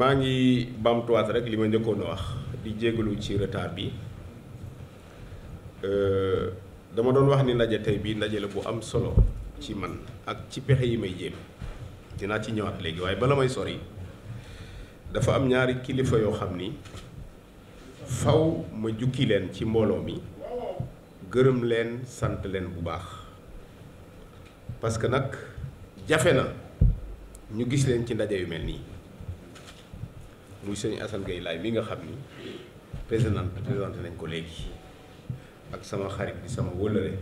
maa ngi bamtuwaat rek li ma njëkkoon wax di jégalu ci retard bi euh, dama doon wax ni ndaje tey bii ndaje la bu am solo ci man ak ci pexe yi may jéem dinaa ci ñëwaat léegi waaye bala may sori dafa am ñaari kilifa yoo xam ni faw ma jukki leen ci mbooloo mi gërëm leen sant leen bu baax parce que nag jafe na ñu gis leen ci ndaje yu mel nii. muy sëñ Assane Gueye laay mi nga xam ni président présenté nañ ko léegi ak sama xarit di sama wëllëre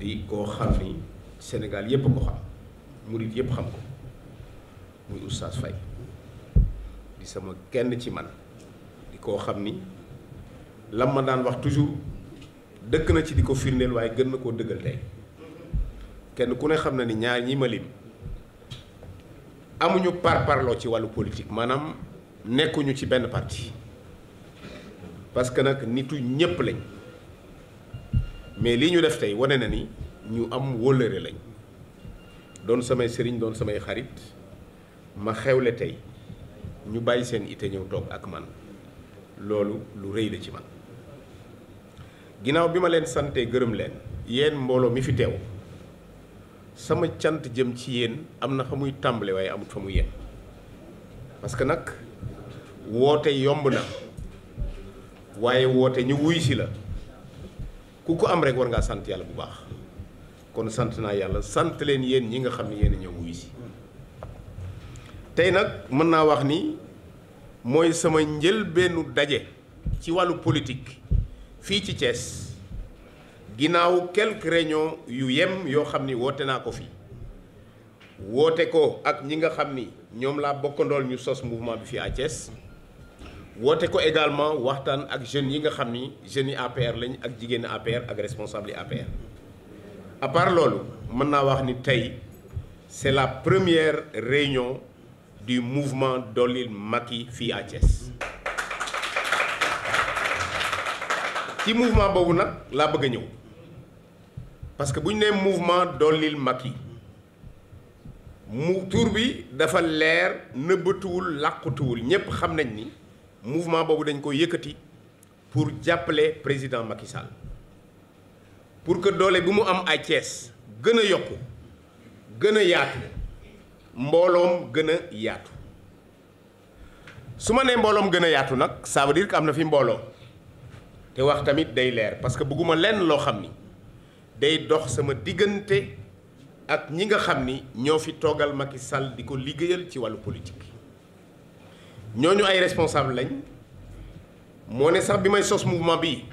di koo xam ni Sénégal yépp a ko xam murit yépp xam ko muy Oustaz Faye di sama kenn ci man di koo xam ni lam ma daan wax toujours dëkk na ci di ko firndeel waaye gën na koo dëggal tey kenn ku ne xam na ni ñaar ñi ma lim amuñu par parloo ci wàllu politique maanaam nekkuñu ci benn parti parce que nag nitu ñépp lañ mais lii ñu def tey wane na ni ñu am wóllëre lañ doon samay sëriñ doon samay xarit ma xewle tey ñu bàyyi seen ite ñëw toog ak man loolu lu rëy la ci man ginnaaw bi ma leen sante gërëm leen yéen mbooloo mi fi teew sama cant jëm ci yéen am na fa muy tàmbale waaye amut fa mu yéen parce que nag woote yomb na waaye woote ñu wuy si la ku ko am rek war ngaa sant yàlla bu baax kon sant naa yàlla sant leen yéen ñi nga xam ne yéen a ñëw wuy tey nag mën naa wax ni mooy sama njëlbeenu daje ci wàllu politique fii ci cees ginnaaw quelques réunions yu yem yoo xam ni woote naa ko fi woote ko ak ñi nga xam ni ñoom laa bokkandool ñu sos mouvement bi fii à woote ko également waxtaan ak jeunes yi nga xam ni jeunes yi APR lañ ak jigéeni APR ak responsable yi APR à part loolu mën naa wax ni tey c'est la première réunion du mouvement Doolil Macky fii à Thiès ci mouvement boobu nag laa bëgg a ñëw parce que bu ñu nee mouvement dollil Macky mu tuur bi dafa leer nëbbatuwul làqutuwul ñépp xam nañ ni mouvement boobu dañ koy yëkkati pour jàppale président Macky pour que doole bi mu am ay Thiès gën a yokku gën a yaatu mbooloom gën a yaatu su ma nee mbooloom gën a yaatu nag ça di dire am na fi mbooloo te wax tamit day leer parce que bëgguma lenn loo xam ni day dox sama diggante ak ñi nga xam ni ñoo fi toogal Macky Sall di ko liggéeyal ci wàllu politique ñooñu ay responsable lañ moo ne sax bi may sos mouvement bi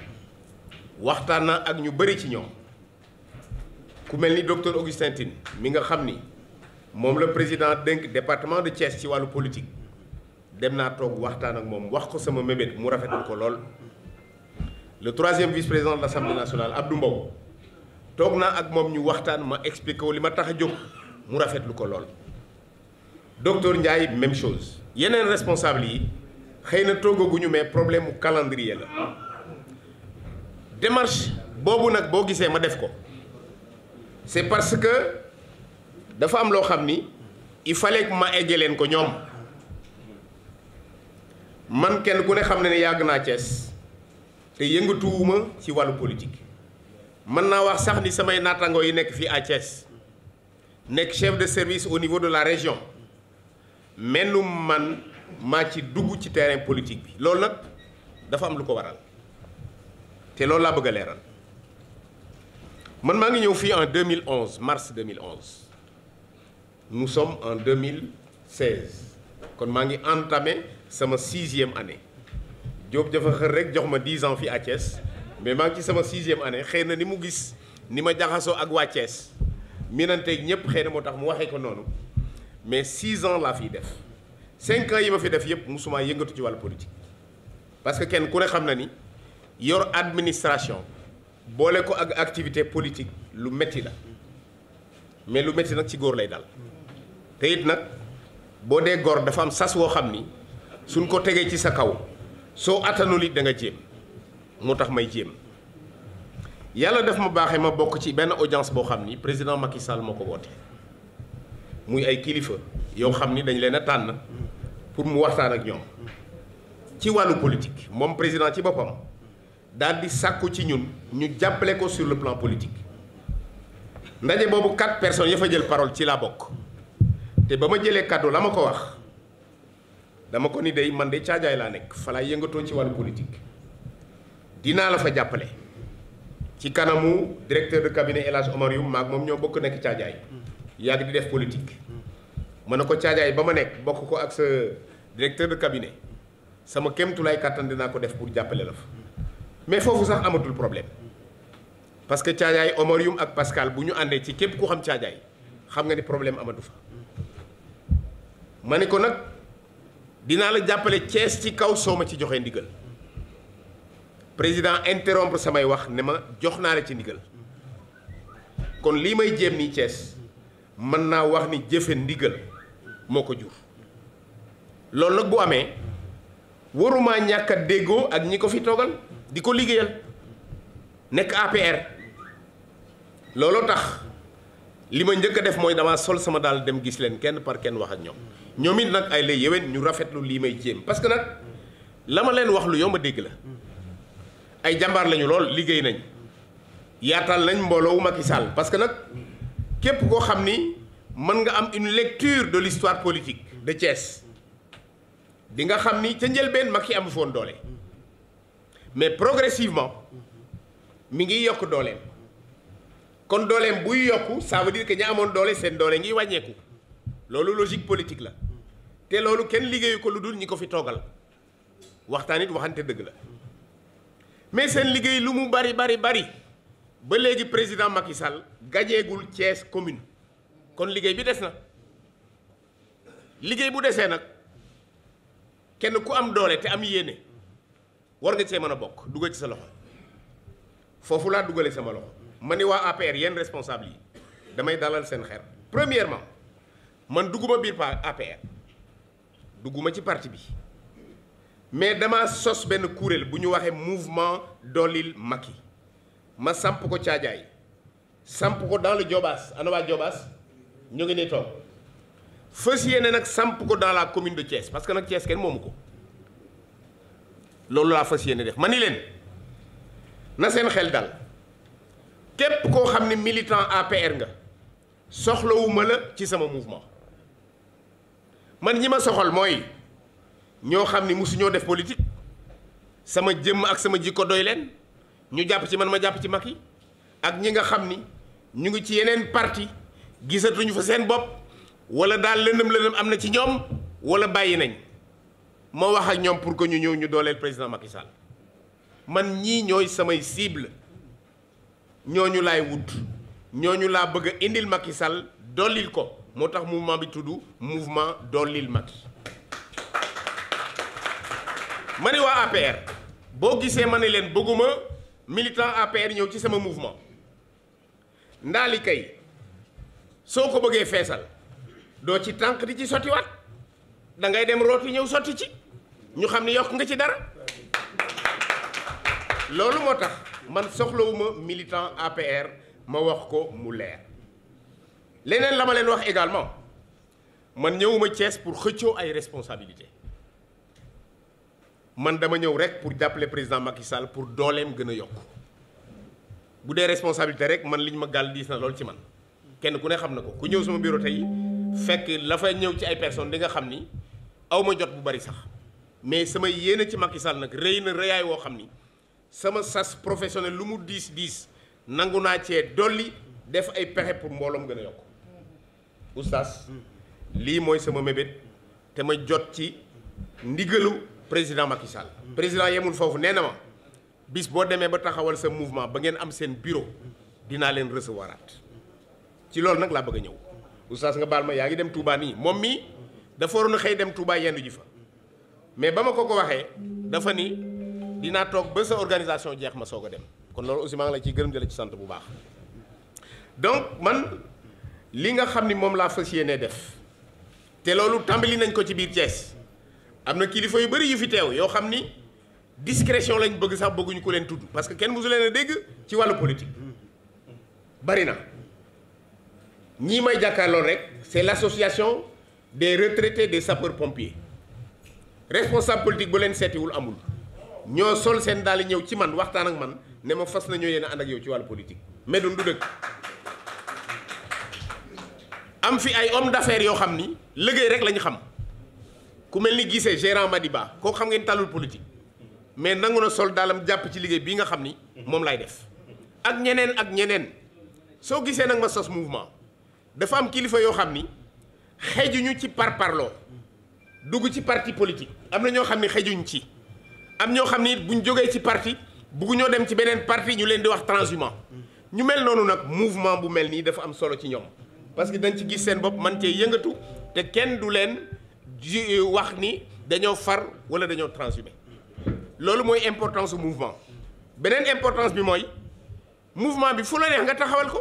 waxtaan na ak ñu bëri ci ñoom ku mel ni docteur Augustin mi nga xam ni moom la président dénk département de Thiès ci wàllu politique dem naa toog waxtaan ak moom wax ko sama mébét mu rafetal ko lool le troisième vice-président de l'Assemblée nationale Abdou Mbow toog naa ak moom ñu waxtaan ma expliqué wu li ma tax a jóg mu rafetlu ko lool docteur Ndiaye même chose yeneen responsable yi xëy na toogaguñu mais problème mu calendrier la démarche boobu nag boo gisee ma def ko c'est parce que dafa am loo xam ni il fallait ma egge leen ko ñoom man kenn ku ne xam ne ne yàgg naa Thiès te yëngatuwuma ci wàllu politique mën naa wax sax ni samay naataangoo yi nekk fii à nekk chef de service au niveau de la région melum man maa ci dugg ci terrain politique bi loolu nag dafa am lu ko waral te loolu laa bëgg a leeral man maa ngi ñëw fii en 2011 mars 2011 nous sommes en 2016 kon maa ngi entamé sama sixième année Diop dafa xër rek jox ma dix ans fii à mais maa ngi ci sama sixième année xëy na ni mu gis ni ma jaxasoo ak wàccees Thiès miinanteeg ñëpp xëy na moo tax mu waxee ko noonu mais six ans laa fi def cinq ans yi ma fi def yëpp musuma yëngatu ci wàllu politique. parce que kenn ku ne xam na ni yor administration boole ko ak activité politique lu métti la mais lu métti nag ci góor lay dal te it nag boo dee góor dafa am sas woo xam ni suñ ko tegee ci sa kaw soo attanul it da nga jéem. moo tax may jéem yàlla def ma baaxee ma bokk ci benn audience boo xam ni président Macky Sall moo ko woote muy ay kilifa yow xam ni dañ leen a tànn pour mu waxtaan ak ñoom ci wàllu politique moom président ci boppam daal di sàkku ci ñun ñu jàppale ko sur le plan politique ndaje boobu quatre personnes ya fa jël parole ci laa bokk te ba ma jëlee kàddu la ma ko wax dama ko ni day man de caajaay laa nekk fa yëngatoo ci wàllu politique. dinaa la fa jàppale ci kanamu directeur de cabinet El Hadj Omar Youm maag moom ñoo bokk nekk caajaay yàgg di def politique mën na ko caajaay ba ma nekk bokk ko ak sa directeur de cabinet sama kéemtulaay kàttan dinaa ko def pour jàppale la fa mais foofu sax amatul problème parce que caajaay Omar Youm ak Pascal bu ñu àndee ci képp ku xam caajaay xam nga ni problème amatu fa ma ne ko nag dinaa la jàppale Thiès ci kaw soo ma ci joxee ndigal président interrompre samay wax ne ma jox naa la ci ndigal kon lii may jéem nii cees mën naa wax ni jëfe ndigal moo ko jur loolu nag bu amee waruma ñàkk a déggoo ak ñi ko fi toogal di ko liggéeyal nekk APR looloo tax li ma njëkk def mooy damaa sol sama daal dem gis leen kenn par kenn wax ak ñoom ñoom it nag ay la yéwén ñu rafetlu lii may jéem parce que nag la ma leen wax lu yomb a dégg la ay jàmbaar lañu lool liggéey nañ yaatal nañ mbooloowu Macky Sall parce que nag képp koo xam ni mën nga am une lecture de l'histoire politique de Thiès di nga xam ni ca njëlbeen yi amu foon doole mais progressivement mi ngi yokk dooleem kon dooleem buy yokk ça veut dire ña amoon doole seen doole ngi wàññeeku loolu logique politique la te loolu kenn liggéeyu ko lu dul ñi ko fi toogal waxtaan it waxante dëgg la mais seen liggéey lu mu bari bari ba léegi président Macky Sall gañeegul Thiès commune kon liggéey bi des na liggéey bu desee nag kenn ku am doole te am yéene war nga cee mën a bokk dugal ci sa loxo foofu laa dugalee sama loxo ma ni waa APR yenn responsable yi damay dalal seen xel premièrement man dugguma biir pa APR dugguma ci parti bi mais dama sos benn kuréel bu ñu waxee mouvement doolil Macky ma samp ko caajaay samp ko dans le Diobass ana waa Diobass ñu ngi ne toog fas yéene nag samp ko dans la commune de Thiès parce que nag Thiès kenn moomu ko loolu laa fas yéene def ma ni leen na seen xel dal képp koo xam ne militant APR nga soxlawuma la ci sama mouvement man ñi ma soxal mooy ñoo xam ni mosuñoo def politique sama jëmm ak sama jikko doy leen ñu jàpp ci man ma jàpp ci Macky ak ñi nga xam ni ñu ngi ci yeneen parti ñu fa seen bopp wala daal lëndëm lëndëm am na ci ñoom wala bàyyi nañ ma wax ak ñoom pour que ñu ñëw ñu dooleel président Macky Sall man ñii ñooy samay cible ñooñu laay wut ñooñu laa bëgg indil Macky Sall dollil ko moo tax mouvement bi tudd mouvement dollil Macky ma ne waa APR boo gisee ma ne leen bëgguma militant APR ñëw ci sama mouvement ndaali kay soo ko bëggee feesal doo ci tànk di ci sottiwaat da ngay dem rooti ñëw sotti ci ñu xam ne yokk nga ci dara loolu moo tax man soxlawuma militant APR ma wax ko mu leer leneen la ma leen wax également man ñëwuma cees pour xëccoo ay responsabilité man dama ñëw rek pour jàppale président Macky Sall pour dooleem gën a yokk bu dee responsabilité rek man li ñu ma gàll diis na lool ci man kenn ku ne xam na ko ku ñëw sama bureau tey fekk la fa ñëw ci ay personnes di nga xam ni aw ma jot bu bari sax mais sama yéene ci Macky Sall nag rëy na rëyaay woo xam ni sama sas professionnel lu mu diis diis nangu naa cee dolli def ay pexe pour mbooloom gën a yokk oustaz lii mooy sama mébét te ma jot ci ndigalu. président Macky Sall. président yemul foofu nee na ma bis boo demee ba taxawal sa mouvement ba ngeen am seen bureau dinaa leen recevoiraat ci loolu nag laa bëgg a ñëw. oustaz nga baal ma yaa ngi dem tuubaa nii moom mii dafa waroon a xëy dem Touba yendu ji fa mais ba ma ko ko waxee dafa ni dinaa toog ba sa organisation jeex ma soog a dem kon loolu aussi maa ngi la ciy gërëm di ci sant bu baax donc man li nga xam ni moom laa fas yéenee def te loolu tàmbali nañ ko ci biir Thiès. am na kilifa yu bari yu fi teew yoo xam ni discrétion lañ bëgg sax bëgguñu ko leen tudd parce que kenn mosu leen a dégg ci wàllu politique bari na ñii may jàkkaarloo rek c'est l'association des retraités des sapeurs pompiers responsable politique bu leen seetiwul amul ñoo sol seen daal ñëw ci man waxtaan ak man ne ma fas nañoo yéen a ak yow ci wàllu politique mais du dëkk am fi ay hommes d'affaires yoo xam ni liggéey rek lañu xam. ku mel ni gisee gérant Madiba koo xam ngeen talul politique mais nangu na sol daalam jàpp ci liggéey bi nga xam ni moom lay def ak ñeneen ak ñeneen soo gisee nag ma sos mouvement dafa am kilifa yoo xam ni xejuñu ci par parparloo dugg ci parti politique am na ñoo xam ni xejuñ ci am ñoo xam ni buñ jógee ci parti bugg ñoo dem ci beneen parti ñu leen di wax transhumant ñu mel noonu nag mouvement bu mel nii dafa am solo ci ñoom parce que dañ ci gis seen bopp man cee yëngatu te kenn du leen ji euh, wax ni dañoo far wala dañoo transhumé loolu mooy importance mouvement beneen importance bi mooy mouvement bi fu la neex nga taxawal ko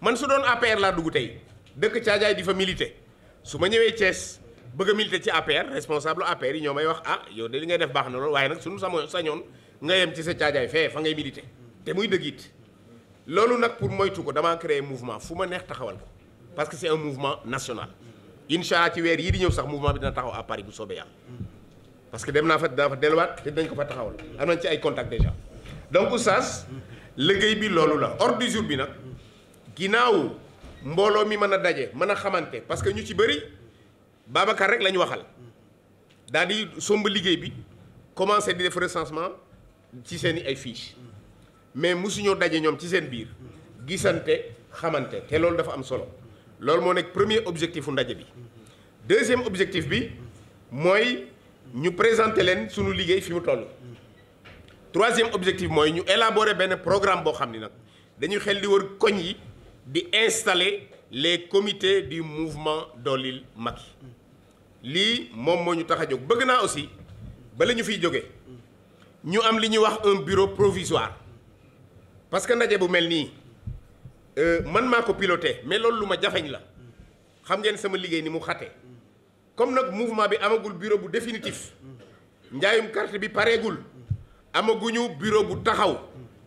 man su doon APR laa dugg tey dëkk caajaay di fa milité su ma ñëwee Thiès bëgg a milité ci APR responsable APR yi ñoo may wax ah yow de li ngay def baax na loolu waaye nag suñu samoo sañoon nga yem ci sa caajaay fee fa ngay milité te muy dëgg it loolu nag pour moytu ko damaa créer mouvement fu ma neex taxawal ko parce que c'est un national incha allah ci weer yii di ñëw sax mouvement bi dina taxaw à Paris bu soobee yàlla parce que dem naa fa dinaa fa delluwaat te dinañ ko fa taxawal am nañ ci ay contact déjà donc oustaz liggéey bi loolu la ordre jour bi nag ginnaaw mbooloo mi mën a daje mën a xamante parce que ñu ci bëri Babacar rek la ñu waxal daal di somb liggéey bi commencé di def recensement ci seen i ay fiches mais mosuñoo daje ñoom ci seen biir gisante xamante te loolu dafa am solo. loolu moo nekk premier objectif u ndaje bi deuxième objectif bi mooy ñu présenter leen sunu liggéey fi mu toll. troisième objectif mooy ñu élaborer benn programme boo xam ni nag dañuy xel di wër koñ yi di installer les comités du mouvement Doolil Macky lii moom moo ñu tax a jóg bëgg naa aussi bala ñu fiy jóge ñu am li ñuy wax un bureau provisoire parce que ndaje bu mel nii. Euh, man maa ko piloté mais loolu lu ma jafeñ la xam ngeen sama liggéey ni mu xate comme nag mouvement bi amagul bureau bu définitif njaayum carte bi pareegul amaguñu bureau bu taxaw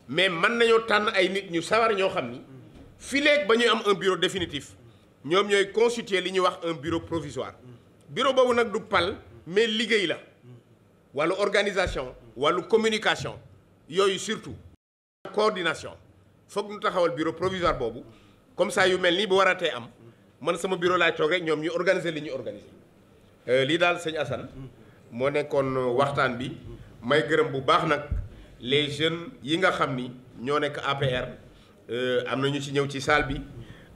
mais mën nañoo tànn ay nit ñu sawar ñoo xam ni fileeg ba ñu am un bureau définitif ñoom ñooy constituer li ñuy wax un bureau provisoire bureau boobu nag du pal mais liggéey la wàllu organisation wàllu communication yooyu surtout coordination foog ñu taxawal bureau provisoire boobu comme ça yu mel nii bu waratee am man sama bureau laay toog ñoom ñu organiser li ñu organiser euh, lii daal sëñ Assane moo nekkoon waxtaan bi may gërëm bu baax nag les jeunes yi nga xam ni ñoo nekk APR euh, am na ñu ci ñëw ci salle bi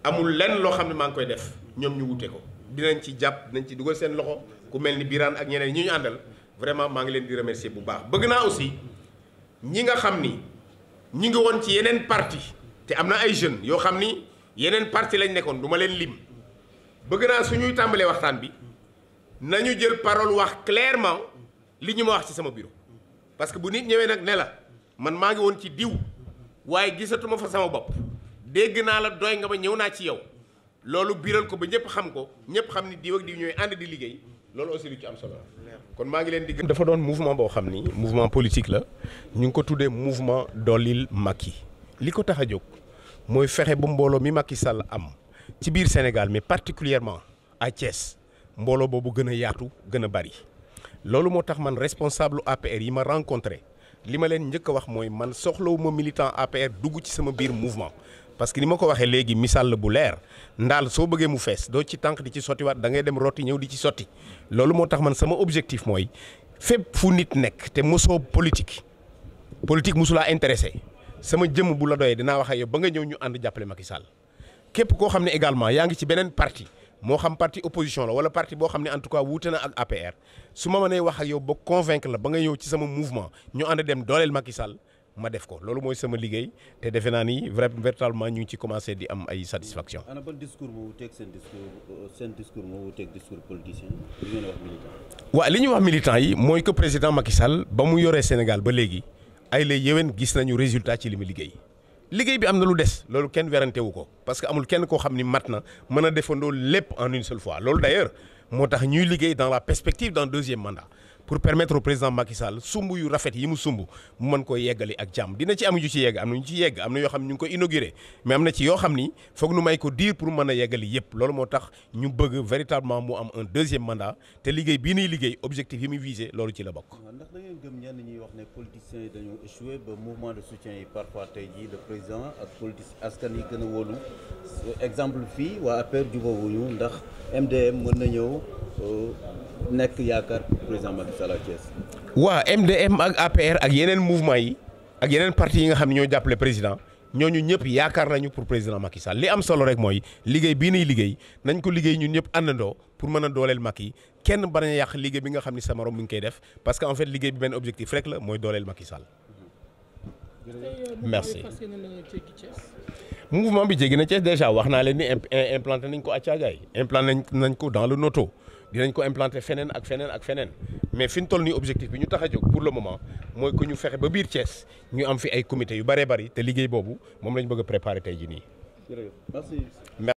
amul lenn loo xam ne maa ngi koy def ñoom ñu wute ko dinañ ci jàpp dinañ ci dugal seen loxo ku mel ni Birane ak ñeneen ñi ñu àndal vraiment maa ngi leen di remercier bu baax bëgg naa aussi ñi nga xam ni. ñu ngi woon ci yeneen parti te am na ay jeunes yoo xam ni yeneen parti lañ nekkoon duma leen lim bëgg naa ñuy tàmbalee waxtaan bi nañu jël parole wax clairement li ñu ma wax ci sama bureau parce que bu nit ñëwee nag ne la man maa ngi woon ci diw waaye gisatuma fa sama bopp dégg naa la doy nga ba ñëw naa ci yow loolu biral ko ba ñëpp xam ko ñëpp xam ni diw ak diw ñooy ànd di liggéey loolu aussi lu ci am solo kon maa ngi leen di dafa doon mouvement boo xam ni mouvement politique la ñu ngi ko tuddee mouvement doolil yi li ko tax a jóg mooy fexe ba mbooloo mi yi Sall am ci biir Sénégal mais particulièrement à Thiès mbooloo boobu gën a yaatu gën a bari loolu moo tax man responsable APR yi ma rencontré li ma leen njëkk a wax mooy man soxlawuma militant APR dugg ci sama biir mouvement parce que ni ma ko waxee léegi misaal la bu leer ndaal soo bëggee mu fees doo ci tànk di ci sottiwaat da ngay dem rotti ñëw di ci sotti loolu moo tax man sama objectif mooy fépp fu nit nekk te mosoo politique politique mosulaa intéressé sama jëm bu la doyee dinaa wax ak yow ba nga ñëw ñu ànd jàppale Macky Sall képp koo xam ne également yaa ngi ci beneen parti moo xam parti opposition la wala parti boo xam ne en tout cas wute na ak APR su ma mënee wax ak yow ba convaincre la ba nga ñëw ci sama mouvement ñu ànd dem dooleel Macky ma def ko loolu mooy sama liggéey te defe naa ni véritablement ñu ngi ci commencé di am ay satisfaction. ana ban discours moo wuteeg seen discours seen discours moo wuteeg discours politicien li ngeen wax militant. ñu wax militant yi mooy que président Macky Sall ba mu yoree Sénégal ba léegi ay lay yéwén gis nañu résultat ci li mu liggéey. liggéey bi am na lu des loolu kenn werante wu ko parce que amul kenn koo xam ni mat na mën a defandoo lépp en une seule fois loolu d' ailleurs moo tax ñuy liggéey dans la perspective dans deuxième mandat. pour permettre au président makisal Sall sumb yu rafet yi mu sumb mu mën koo yeggali ak jàmm dina ci am ñu ci yegg am na ñu ci yegg am na yoo xam ne ñu ngi ko inauguré mais am na ci yoo xam ni foog nu may ko diir pour mën a yeggali yëpp loolu moo tax ñu bëgg véritablement mu am un deuxième mandat te liggéey bii nuy liggéey objectif yi muy visé loolu ci la bokk. wax ne politiciens yi dañu échoué ba mouvement de soutien yi parfois tey jii le président ak politique askan yi gën a wóolu exemple fii waa APR jubóowuñu ndax MDM mën na ñëw euh, nekk yaakaar président Macky Sall à Thiès. waa MDM ak APR ak yeneen mouvement yi ak yeneen parti yi nga xam ne ñoo jàppale président. ñooñu ñëpp yaakaar nañu pour président Macky Sall li am solo rek mooy liggéey bii nuy liggéey nañ ko liggéey ñun ñëpp àndandoo pour mën a dooleel Macky kenn ba a yàq liggéey bi nga xam ni sa morom mi ngi koy def parce que en fait liggéey bi benn objectif rek la mooy dooleel Macky Sall. merci mouvement bi jéggi na Thiès déjà wax naa leen ni implanté nañ ko à Thiagaye implanté nañ ko dans le Noto. dinañ ko implanter feneen ak feneen ak feneen mais fi ñu toll nii objectif bi ñu tax a jóg pour le moment mooy que ñu fexe ba biir Thiès ñu am fi ay comité yu bëree bari te liggéey boobu moom lañ bëgg a tey jii nii.